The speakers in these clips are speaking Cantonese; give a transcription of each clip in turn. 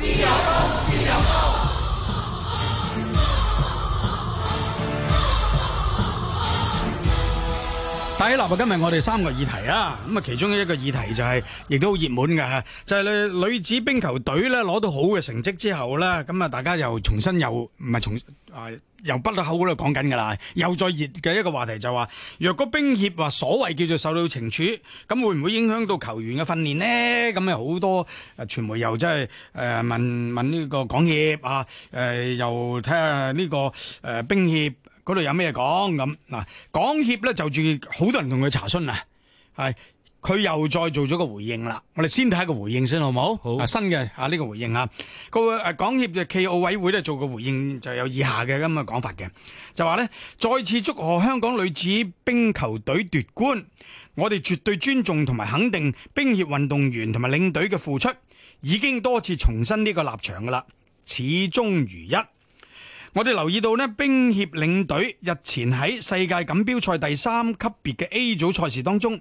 大家留意今日我哋三個議題啊，咁啊，其中一個議題就係、是，亦都好熱門㗎，就係、是、女子冰球隊咧攞到好嘅成績之後咧，咁啊，大家又重新又唔係重新啊。由北到口嗰度講緊噶啦，又再熱嘅一個話題就話，若果冰協話所謂叫做受到懲處，咁會唔會影響到球員嘅訓練呢？咁咪好多誒傳媒又真係誒問問呢個港協啊，誒又睇下呢個誒冰協嗰度有咩講咁嗱，港協咧就住好多人同佢查詢啊，係。佢又再做咗個回應啦。我哋先睇一個回應先，好唔好？好新嘅啊，呢個回應啊，個誒港協嘅暨奧委會咧做個回應，就有以下嘅咁嘅講法嘅，就話呢，再次祝賀香港女子冰球隊奪冠。我哋絕對尊重同埋肯定冰協運動員同埋領隊嘅付出，已經多次重申呢個立場噶啦，始終如一。我哋留意到呢，冰協領隊日前喺世界錦標賽第三級別嘅 A 組賽事當中。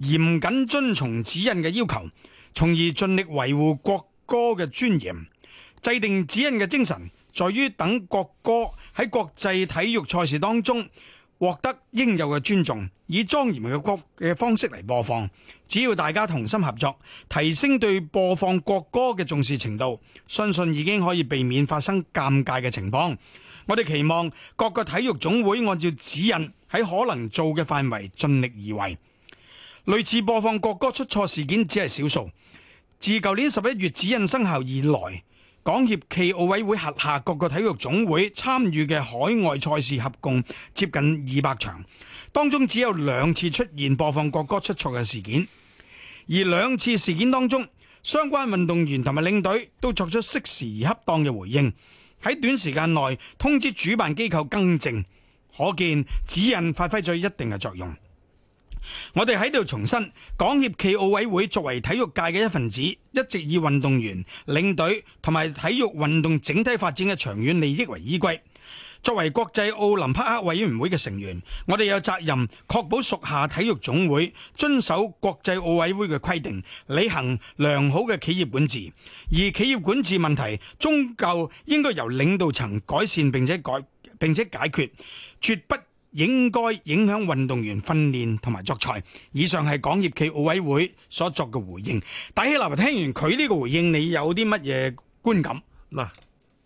嚴謹遵從指引嘅要求，從而盡力維護國歌嘅尊嚴。制定指引嘅精神，在於等國歌喺國際體育賽事當中獲得應有嘅尊重，以莊嚴嘅國歌嘅方式嚟播放。只要大家同心合作，提升對播放國歌嘅重視程度，相信已經可以避免發生尷尬嘅情況。我哋期望各個體育總會按照指引喺可能做嘅範圍盡力而為。類似播放國歌出錯事件只係少數。自舊年十一月指引生效以來，港協暨奧委會轄下各個體育總會參與嘅海外賽事合共接近二百場，當中只有兩次出現播放國歌出錯嘅事件。而兩次事件當中，相關運動員同埋領隊都作出適時而恰當嘅回應，喺短時間內通知主辦機構更正，可見指引發揮咗一定嘅作用。我哋喺度重申，港協暨奧委會作為體育界嘅一份子，一直以運動員、領隊同埋體育運動整體發展嘅長遠利益為依歸。作為國際奧林匹克委員會嘅成員，我哋有責任確保屬下體育總會遵守國際奧委會嘅規定，履行良好嘅企業管治。而企業管治問題終究應該由領導層改善並且改並且解決，絕不。應該影響運動員訓練同埋作賽。以上係港協暨奧委會所作嘅回應。戴希立，聽完佢呢個回應，你有啲乜嘢觀感？嗱，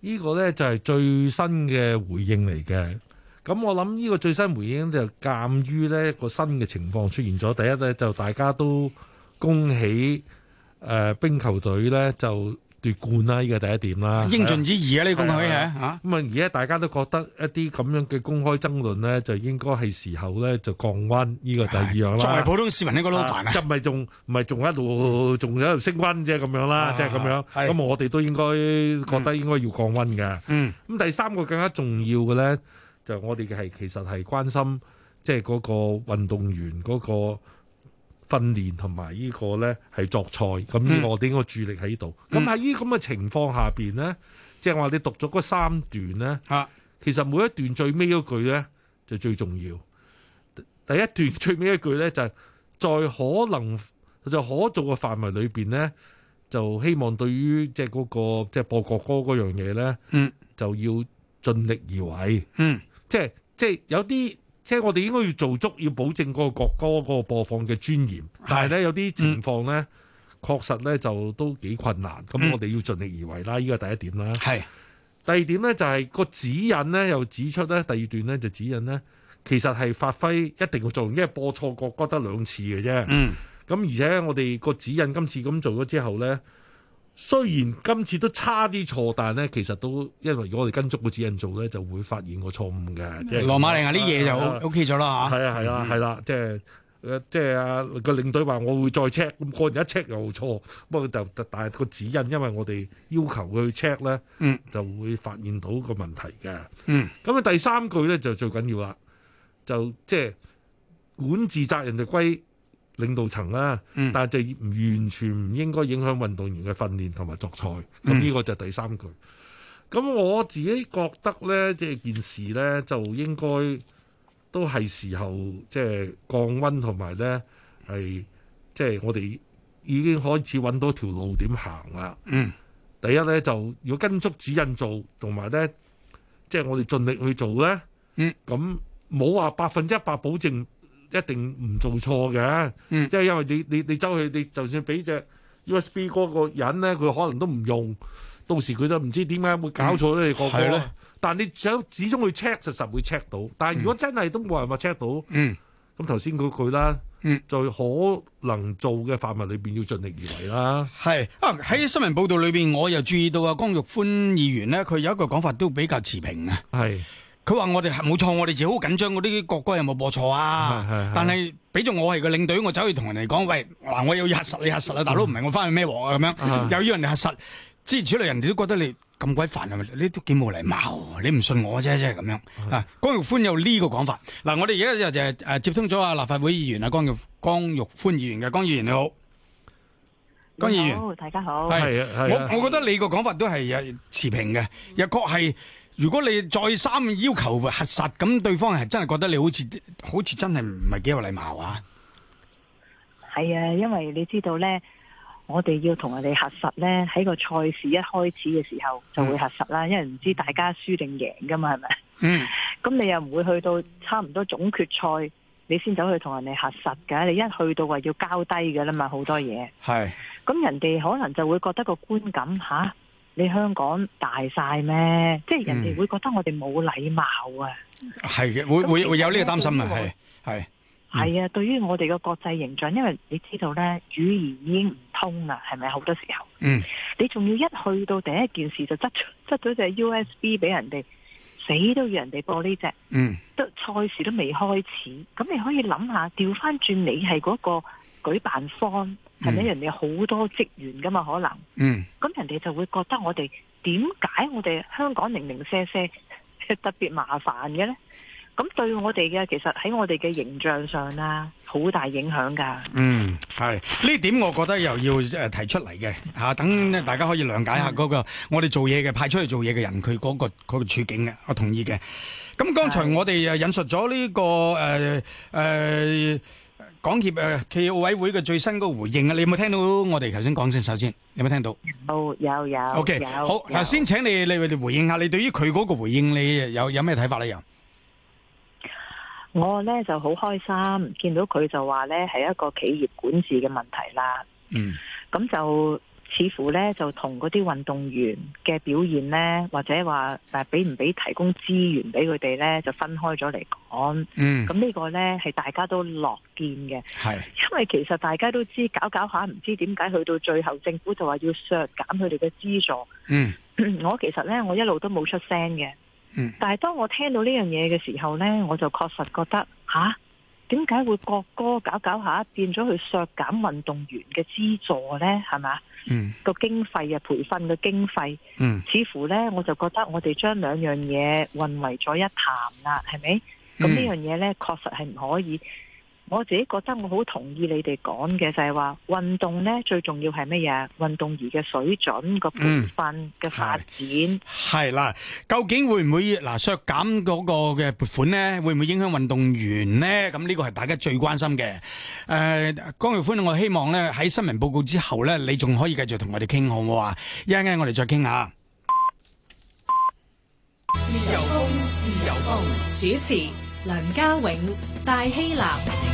呢個呢就係最新嘅回應嚟嘅。咁我諗呢個最新回應就鑒於呢個新嘅情況出現咗。第一呢就大家都恭喜誒冰球隊呢就。奪冠啦！呢個第一點啦，應盡之意啊！呢個講起咁啊，而家大家都覺得一啲咁樣嘅公開爭論咧，就應該係時候咧就降溫。呢、呢個第二樣啦，作為普通市民應該都好煩啊，啊就唔係唔係一唔係仲唔係仲一路仲喺度升溫啫咁樣啦，即係咁樣咁、啊、我哋都應該覺得應該要降溫嘅。嗯，咁第三個更加重要嘅咧，就我哋嘅係其實係關心即係嗰個運動員嗰、嗰個。訓練同埋呢個咧係作賽，咁我應該注力喺度？咁喺呢咁嘅情況下邊咧，即係話你讀咗嗰三段咧，啊、其實每一段最尾一句咧就最重要。第一段最尾一句咧就係、是，在可能就可做嘅範圍裏邊咧，就希望對於即係嗰個即係播國歌嗰樣嘢咧，嗯、就要盡力而為。嗯，即係即係有啲。即係我哋應該要做足，要保證個國歌個播放嘅尊嚴。但係咧有啲情況咧，嗯、確實咧就都幾困難。咁我哋要盡力而為啦，呢個、嗯、第一點啦。是第二點咧，就係、是、個指引咧，又指出咧第二段咧就指引咧，其實係發揮一定嘅作用，因為播錯國歌得兩次嘅啫。嗯，咁而且我哋個指引今次咁做咗之後咧。雖然今次都差啲錯，但係咧其實都因為如果我哋跟足個指引做咧，就會發現個錯誤嘅。羅馬尼亞啲嘢、啊、就 O K 咗啦。係啊係啊係啦，即係即係啊個、啊啊啊就是啊、領隊話我會再 check，咁過完一 check 又錯，不過就但係個指引因為我哋要求佢 check 咧，嗯、就會發現到個問題嘅。咁啊、嗯、第三句咧就最緊要啦，就即係管治責任就歸。領導層啦，但係就完全唔應該影響運動員嘅訓練同埋作賽。咁呢個就第三句。咁我自己覺得呢即係件事呢，就應該都係時候即係、就是、降溫同埋呢，係即係我哋已經開始揾到條路點行啦。嗯、第一呢，就要跟足指引做，同埋呢，即係我哋盡力去做呢，咁冇話百分之一百保證。一定唔做錯嘅，即係、嗯、因為你你你走去，你就算俾隻 USB 嗰個人咧，佢可能都唔用，到時佢都唔知點解會搞錯咗、嗯、你個個。的但係你想始終去 check 就實會 check 到，但係如果真係都冇人會 check 到，咁頭先嗰句啦，嗯、就可能做嘅範圍裏邊要盡力而為啦。係啊，喺新聞報道裏邊，我又注意到阿江玉歡議員咧，佢有一個講法都比較持平啊。係。佢話我哋係冇錯，我哋自己好緊張嗰啲國歌有冇播錯啊？是是是但係俾咗我係個領隊，我走去同人哋講：喂，嗱，我有要核實你核實啊！大佬唔係我翻去咩鑊啊？咁樣是是又要人哋核實，之前處理人哋都覺得你咁鬼煩係咪？你都幾冇禮貌，你唔信我啫，即係咁樣。嗱，是是 江玉歡有呢個講法。嗱，我哋而家又就係誒接通咗阿立法會議員啊，江玉江玉歡議員嘅，江議員你好，江議員大家好。啊啊、我我覺得你個講法都係持平嘅，又確係。如果你再三要求核實，咁對方係真係覺得你好似好似真係唔係幾有禮貌啊？係啊，因為你知道呢，我哋要同人哋核實呢，喺個賽事一開始嘅時候就會核實啦，嗯、因為唔知大家輸定贏噶嘛，係咪？嗯。咁你又唔會去到差唔多總決賽，你先走去同人哋核實㗎。你一去到話要交低㗎啦嘛，好多嘢。係。咁人哋可能就會覺得個觀感吓。你香港大晒咩？即係人哋會覺得我哋冇禮貌啊！係嘅、嗯，會會會有呢個擔心啊！係係係啊！對於我哋嘅國際形象，因為你知道咧，語言已經唔通啦，係咪好多時候？嗯，你仲要一去到第一件事就執執咗隻 USB 俾人哋，死都要人哋播呢隻。嗯，都賽事都未開始，咁你可以諗下，調翻轉你係嗰個舉辦方。係咪人哋有好多職員噶嘛？可能，嗯，咁人哋就會覺得我哋點解我哋香港零零舍舍，係特別麻煩嘅咧？咁對我哋嘅，其實喺我哋嘅形象上啦，好大影響噶。嗯，係呢點我覺得又要誒提出嚟嘅吓，等大家可以諒解下嗰個我哋做嘢嘅，派出去做嘢嘅人，佢嗰個嗰個處境嘅，我同意嘅。咁剛才我哋誒引述咗呢個誒誒。港協誒，企業委會嘅最新嗰個回應啊，你有冇聽到我哋頭先講先，首先有冇聽到？有有有。OK，好，嗱，先請你你哋回應下，你對於佢嗰個回應，你有有咩睇法咧？又我咧就好開心，見到佢就話咧係一個企業管治嘅問題啦。嗯，咁就。似乎咧就同嗰啲運動員嘅表現咧，或者話但係俾唔俾提供資源俾佢哋咧，就分開咗嚟講。嗯，咁呢個咧係大家都樂見嘅。是因為其實大家都知搞搞下，唔知點解去到最後，政府就話要削減佢哋嘅資助。嗯， 我其實咧，我一路都冇出聲嘅。嗯，但係當我聽到呢樣嘢嘅時候咧，我就確實覺得吓。啊。點解會國歌搞搞下變咗去削減運動員嘅資助呢？係咪，個、嗯、經費啊，培訓嘅經費，嗯、似乎呢我就覺得我哋將兩樣嘢混為咗一談啦，係咪？咁呢、嗯、樣嘢呢確實係唔可以。我自己覺得我好同意你哋講嘅就係話運動咧最重要係乜嘢？運動員嘅水準、個培訓、嘅發展係啦。究竟會唔會嗱削減嗰個嘅撥款咧？會唔會影響運動員咧？咁呢個係大家最關心嘅。誒，江玉歡，我希望咧喺新聞報告之後咧，你仲可以繼續同我哋傾好唔好呀？一陣間我哋再傾下。自由風，自由風。主持梁家永，大希臘。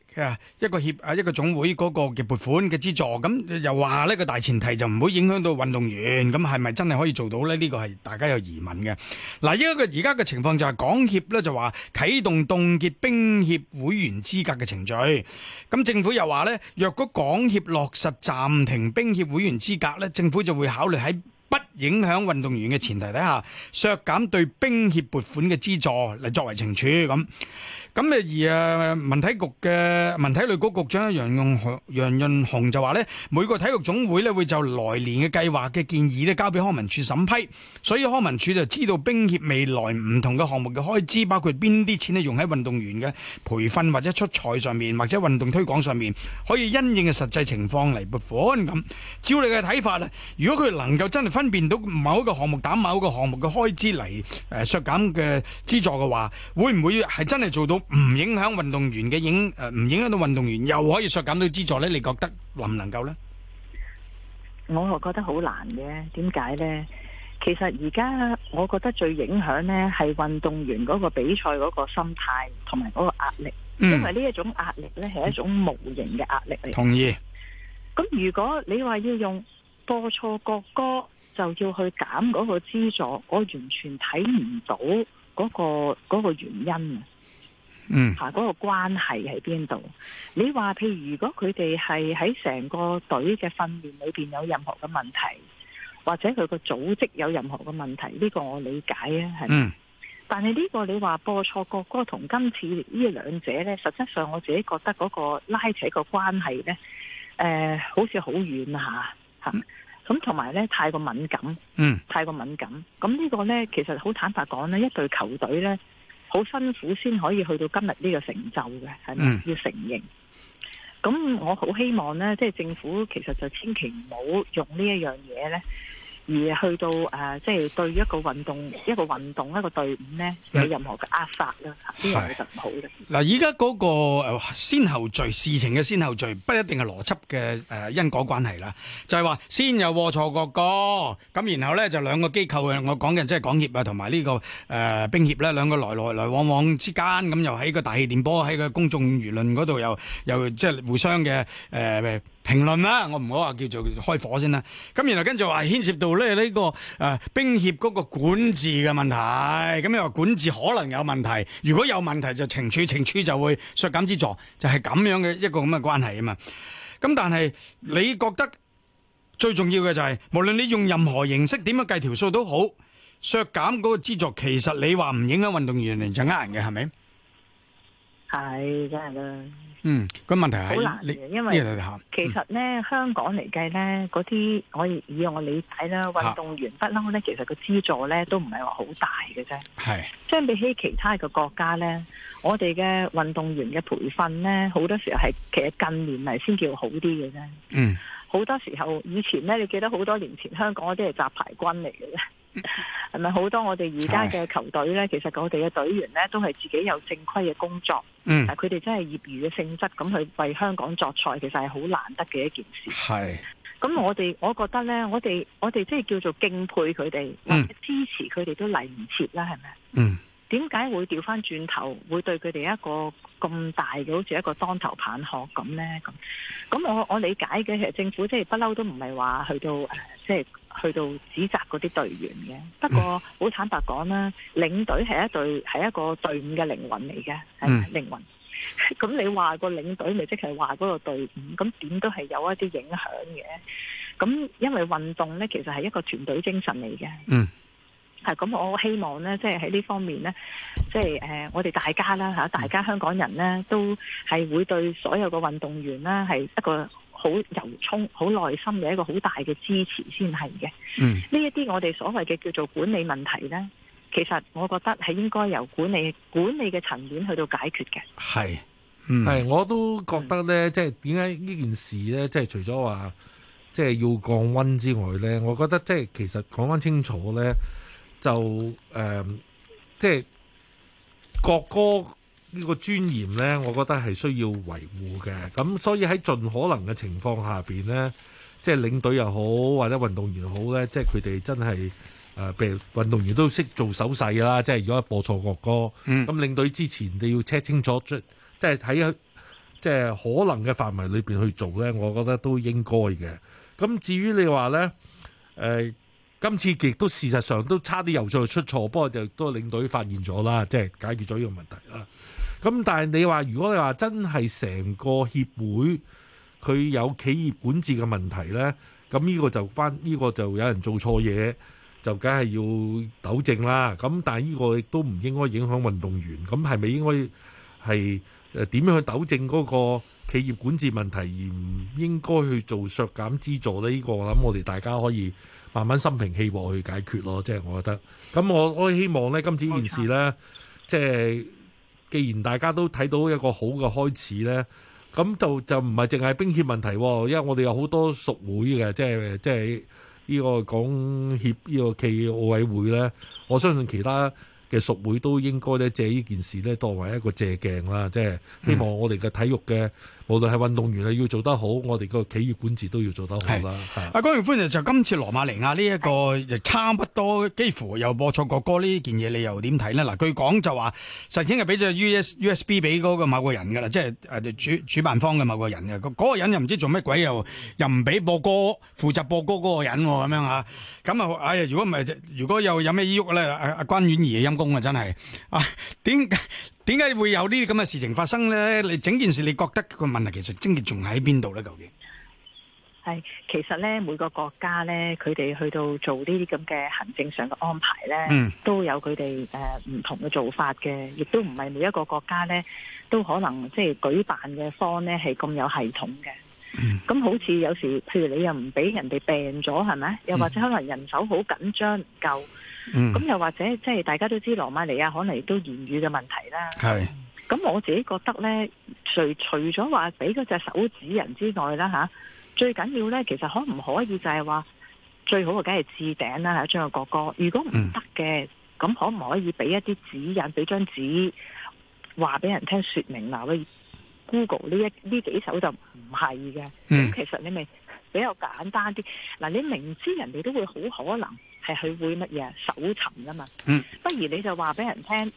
一個協啊，一個總會嗰個嘅撥款嘅資助，咁又話呢個大前提就唔會影響到運動員，咁係咪真係可以做到呢？呢、呢個係大家有疑問嘅。嗱，依家嘅而家嘅情況就係、是、港協呢就話啟動凍結冰協會員資格嘅程序，咁政府又話呢，若果港協落實暫停冰協會員資格呢，政府就會考慮喺不影響運動員嘅前提底下削減對冰協撥款嘅資助嚟作為懲處咁。咁啊，而誒文體局嘅文體類局局長楊潤紅楊潤紅就話咧，每個體育總會咧會就來年嘅計劃嘅建議咧，交俾康文署審批，所以康文署就知道冰協未來唔同嘅項目嘅開支，包括邊啲錢咧用喺運動員嘅培訓或者出賽上面，或者運動推廣上面，可以因應嘅實際情況嚟撥款。咁照你嘅睇法呢，如果佢能夠真係分辨到某一個項目打某一個項目嘅開支嚟誒削減嘅資助嘅話，會唔會係真係做到？唔影響運動員嘅影誒，唔影響到運動員又可以削減到資助咧？你覺得能唔能夠咧？我係覺得好難嘅，點解咧？其實而家我覺得最影響咧係運動員嗰個比賽嗰個心態同埋嗰個壓力，因為呢一種壓力咧係一種無形嘅壓力嚟。同意。咁如果你話要用播錯國歌，就要去減嗰個資助，我完全睇唔到嗰個嗰個原因。嗯，嗰個關係喺邊度？你話譬如如果佢哋係喺成個隊嘅訓練裏邊有任何嘅問題，或者佢個組織有任何嘅問題，呢、呢個我理解啊，係。嗯、但係呢個你話播錯國歌同今次呢兩者呢，實質上我自己覺得嗰個拉扯個關係呢，誒、呃，好似好遠吓，吓、啊。咁同埋呢，太過敏感，嗯，太過敏感。咁呢、嗯、個呢，其實好坦白講呢一隊球隊呢。好辛苦先可以去到今日呢個成就嘅，係咪要承認？咁我好希望呢，即係政府其實就千祈唔好用呢一樣嘢呢，而去到誒、呃，即係對一個運動、一個運動一個隊伍呢，Yeah. 有任何嘅壓殺啦，啲嘢其實唔好嘅。嗱，依家嗰個先後序事情嘅先後序，不一定係邏輯嘅因果關係啦。就係、是、話先有錯過過，咁然後呢，就兩個機構我講嘅即係港協啊、這個，同埋呢個誒冰協呢，兩個來來來往往之間，咁又喺個大氣電波，喺個公眾輿論嗰度又又即係互相嘅誒。呃評論啦，我唔好話叫做開火先啦。咁然後跟住話牽涉到咧呢個誒冰協嗰個管治嘅問題，咁又話管治可能有問題。如果有問題就懲處，懲處就會削減資助，就係咁樣嘅一個咁嘅關係啊嘛。咁但係你覺得最重要嘅就係，無論你用任何形式點樣計條數都好，削減嗰個資助，其實你話唔影響運動員嚟就呃人嘅係咪？係，梗係啦。嗯，咁問題係好難嘅，你因為其實呢，嗯、香港嚟計呢，嗰啲可以以我理解啦，運動員不嬲呢，其實個資助呢都唔係話好大嘅啫。係的。相比起其他嘅國家呢，我哋嘅運動員嘅培訓呢，好多時候係其實近年嚟先叫好啲嘅啫。嗯。好多時候，以前呢，你記得好多年前，香港嗰啲係雜牌軍嚟嘅啫。。 唔係好多我們現在的，我哋而家嘅球隊咧，其實我哋嘅隊員咧，都係自己有正規嘅工作。嗯，但，佢哋真係業餘嘅性質，咁去為香港作賽，其實係好難得嘅一件事。係是。咁我哋，我覺得咧，我哋，我哋即係叫做敬佩佢哋，嗯，支持佢哋都嚟唔切啦，係咪？嗯。點解會調翻轉頭，會對佢哋一個咁大嘅，好似一個當頭棒喝咁咧？咁，咁我我理解嘅，其實政府即係不嬲都唔係話去到誒，即係。去到指責嗰啲隊員嘅，不過好坦白講啦，領隊係一隊係一個隊伍嘅靈魂嚟嘅，係靈魂。咁你話個領隊，咪即係話嗰個隊伍，咁點都係有一啲影響嘅。咁因為運動呢，其實係一個團隊精神嚟嘅。嗯，係咁，我希望呢，即係喺呢方面呢，即係誒，我哋大家啦嚇，大家香港人呢，都係會對所有嘅運動員呢，係一個，好由衷、好耐心嘅一個好大嘅支持先係嘅。呢一啲，我哋所謂嘅叫做管理問題咧，其實我覺得係應該由管理管理嘅層面去到解決嘅。係，係、嗯、我都覺得咧，即係點解呢件事咧，即係除咗話，即係要降溫之外咧，我覺得即係其實講翻清楚咧，就誒即係國歌。呃呢個尊嚴呢，我覺得係需要維護嘅。咁所以喺盡可能嘅情況下邊呢，即係領隊又好或者運動員好呢，即係佢哋真係誒，譬、呃、如運動員都識做手勢啦。即係如果播錯國歌，咁、嗯、領隊之前你要 check 清楚，即係睇去，即係可能嘅範圍裏邊去做呢，我覺得都應該嘅。咁至於你話呢，誒、呃，今次亦都事實上都差啲又再出錯，不過就都領隊發現咗啦，即係解決咗呢個問題啦。咁但係你話，如果你話真係成個協會佢有企業管治嘅問題呢，咁呢個就翻呢、呢個就有人做錯嘢，就梗係要糾正啦。咁但係呢個亦都唔應該影響運動員。咁係咪應該係點樣去糾正嗰個企業管治問題，而唔應該去做削減資助呢？呢、呢個我諗我哋大家可以慢慢心平氣和去解決咯。即係我覺得。咁我我希望呢，今次呢件事呢，即係。既然大家都睇到一個好嘅開始呢，咁就就唔係淨係冰協問題，因為我哋有好多屬會嘅，即係即係呢個港協呢、呢個暨奧委會呢，我相信其他嘅屬會都應該呢借呢件事呢，作為一個借鏡啦，即係希望我哋嘅體育嘅。嗯無論係運動員係要做得好，我哋個企業管治都要做得好啦。阿是是、啊、江玉歡就今次羅馬尼亞呢一個就差不多幾乎又播錯國歌呢件嘢，你又點睇呢嗱，據講就話實已經係俾咗 USB 俾嗰個某個人噶啦，即係誒、啊、主主辦方嘅某個人嘅，嗰、那個人又唔知做咩鬼又，又又唔俾播歌，負責播歌嗰個人咁、啊、樣啊？咁啊，哎呀，如果唔係，如果又有咩依喐咧，阿關婉儀嘅陰功啊，真係啊，點解？點解會有呢啲咁嘅事情發生咧？你整件事，你覺得個問題其實症結仲喺邊度咧？究竟係其實咧，每個國家咧，佢哋去到做呢啲咁嘅行政上嘅安排咧，都有佢哋誒唔同嘅做法嘅，亦都唔係每一個國家咧都可能即係舉辦嘅方咧係咁有系統嘅。咁好似有時，譬如你又唔俾人哋病咗，係咪？又或者可能人手好緊張唔夠。嗯，咁又或者即係大家都知羅馬尼亞可能亦都言語嘅問題啦。係是，咁我自己覺得咧，除除咗話俾嗰隻手指人之外啦吓、啊，最緊要咧，其實可唔可以就係話最好嘅梗係置頂啦，係張國歌。如果唔得嘅，咁、嗯、可唔可以俾一啲指引，俾張紙話俾人聽說明嗱？喂 Google 呢一呢幾首就唔係嘅，咁、嗯、其實你咪比較簡單啲。嗱、啊，你明知人哋都會好可能。係佢會乜嘢搜尋啊嘛，嗯、不如你就話俾人聽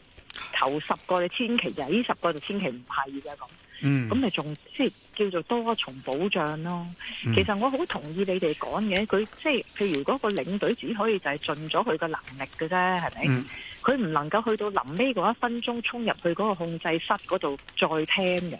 頭十個，你千祈就呢十個就千祈唔係嘅咁，咁咪仲即係叫做多重保障咯。嗯、其實我好同意你哋講嘅，佢即係譬如嗰個領隊只可以就係盡咗佢個能力嘅啫，係咪？佢唔、嗯、能夠去到臨尾嗰一分鐘衝入去嗰個控制室嗰度再聽嘅。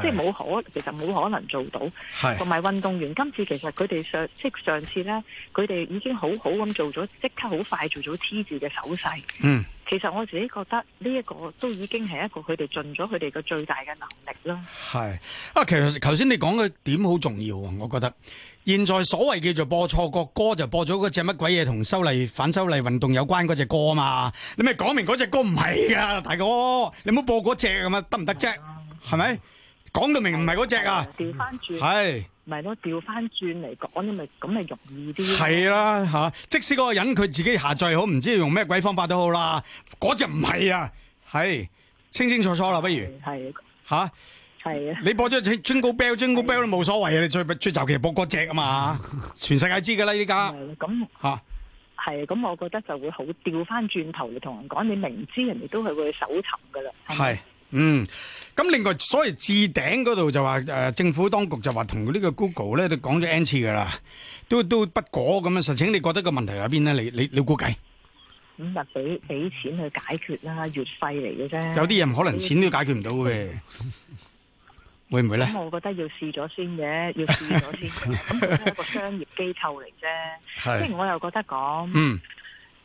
即係冇可，其實冇可能做到。係同埋運動員今次其實佢哋上即係上次咧，佢哋已經好好咁做咗，即刻好快做咗 T 字嘅手勢。嗯，其實我自己覺得呢一個都已經係一個佢哋盡咗佢哋嘅最大嘅能力啦。係啊，其實頭先你講嘅點好重要啊！我覺得現在所謂叫做播錯個歌就播咗嗰隻乜鬼嘢，同修例反修例運動有關嗰隻歌嘛，你咪講明嗰隻歌唔係噶，大哥，你唔好播嗰隻咁啊，得唔得啫？係咪？講到明唔係嗰隻啊，調翻轉係，咪咯調翻轉嚟講，你咪咁咪容易啲。係啦吓，即使嗰個人佢自己下載好，唔知用咩鬼方法都好啦，嗰隻唔係啊，係清清楚楚啦，不如係吓，係啊，你播咗 Jingle Bell Jingle Bell 都冇所謂啊，你最最早期播嗰隻啊嘛，全世界知噶啦依家。咁吓係，咁我覺得就會好調翻轉頭嚟同人講，你明知人哋都係會搜尋噶啦。係。嗯，咁另外，所謂置頂嗰度就話誒，政府當局就話同呢個 Google 咧，都講咗 N 次噶啦，都都不果咁樣。實情你覺得個問題喺邊咧？你你你估計？咁就俾俾錢去解決啦，月費嚟嘅啫。有啲人可能錢都解決唔到嘅，會唔會咧？咁我覺得要試咗先嘅，要試咗先嘅。咁佢係一個商業機構嚟啫，即係我又覺得講，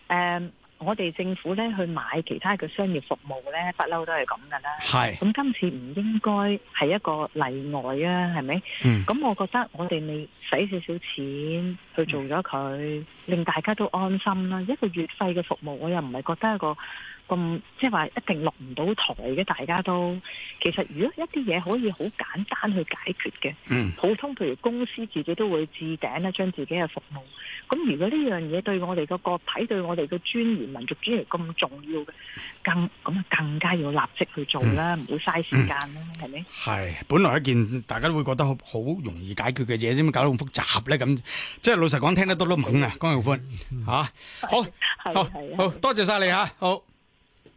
誒。我哋政府咧去買其他嘅商業服務咧，是不嬲都係咁噶啦。係，咁今次唔應該係一個例外啊，係咪？咁、嗯、我覺得我哋咪使少少錢去做咗佢，嗯、令大家都安心啦。一個月費嘅服務，我又唔係覺得一個。咁即係話一定落唔到台嘅，大家都其實如果一啲嘢可以好簡單去解決嘅，普通譬如公司自己都會置頂咧，將自己嘅服務。咁如果呢樣嘢對我哋個國體、對我哋嘅尊嚴、民族尊嚴咁重要嘅，更咁啊更加要立即去做啦，唔好嘥時間啦，係咪？係本來一件大家都會覺得好容易解決嘅嘢，點解搞到咁複雜咧？咁即係老實講，聽得多都懵啊，江玉歡吓，好，好，好多謝晒你吓，好。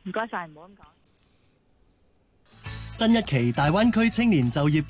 唔該晒，唔好噉講。新一期大灣區青年就業。